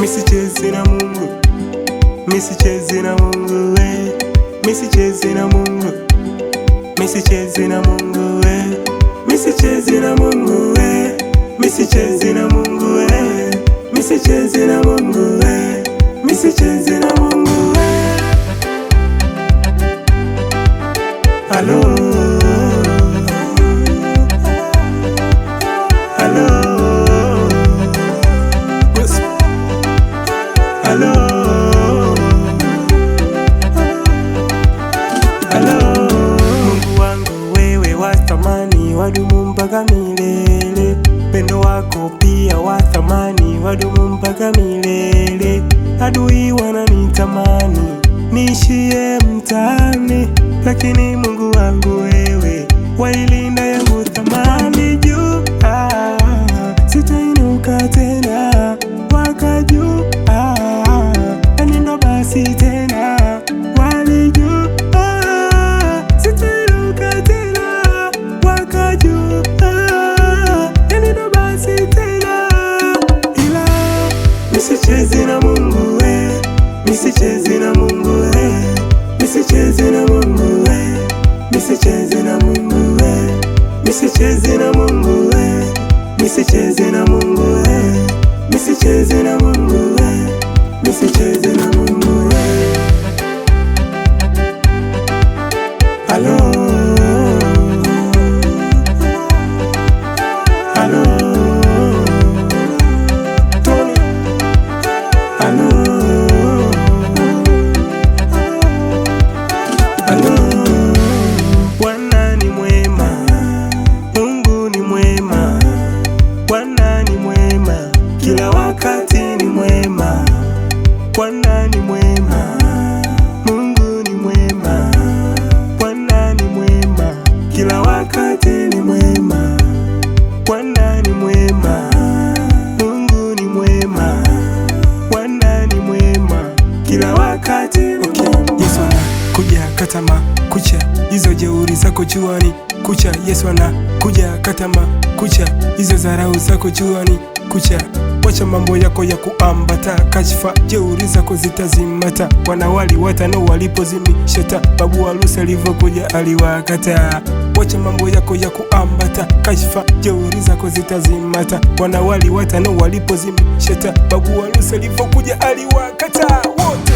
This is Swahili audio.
misichezera mungu misichezera mungu we eh. misichezera mungu misichezera mungu we eh. misichezera mungu we eh. misichezera mpaka milele, pendo wako pia wa thamani, wadumu mpaka milele. Adui wananitamani niishie mtaani, lakini Mungu wangu wewe wailinda yangu thamani. na Mungu we, nisicheze na Mungu we, nisicheze na Mungu we, nisicheze na Mungu we, nisicheze na Mungu we, nisicheze na Mungu we, nisicheze na Mungu we, nisicheze na Mungu kuja katama kucha hizo jeuri zako chuani kucha Yesu ana kuja katama kucha hizo zarau zako chuani kucha wacha mambo yako ya kuambata kashfa jeuri zako zitazimata wanawali watano walipozimishata babu harusi alivyokuja aliwakata wacha mambo yako ya kuambata kashfa jeuri zako zitazimata wanawali watano walipozimishata babu harusi alivyokuja aliwakata wote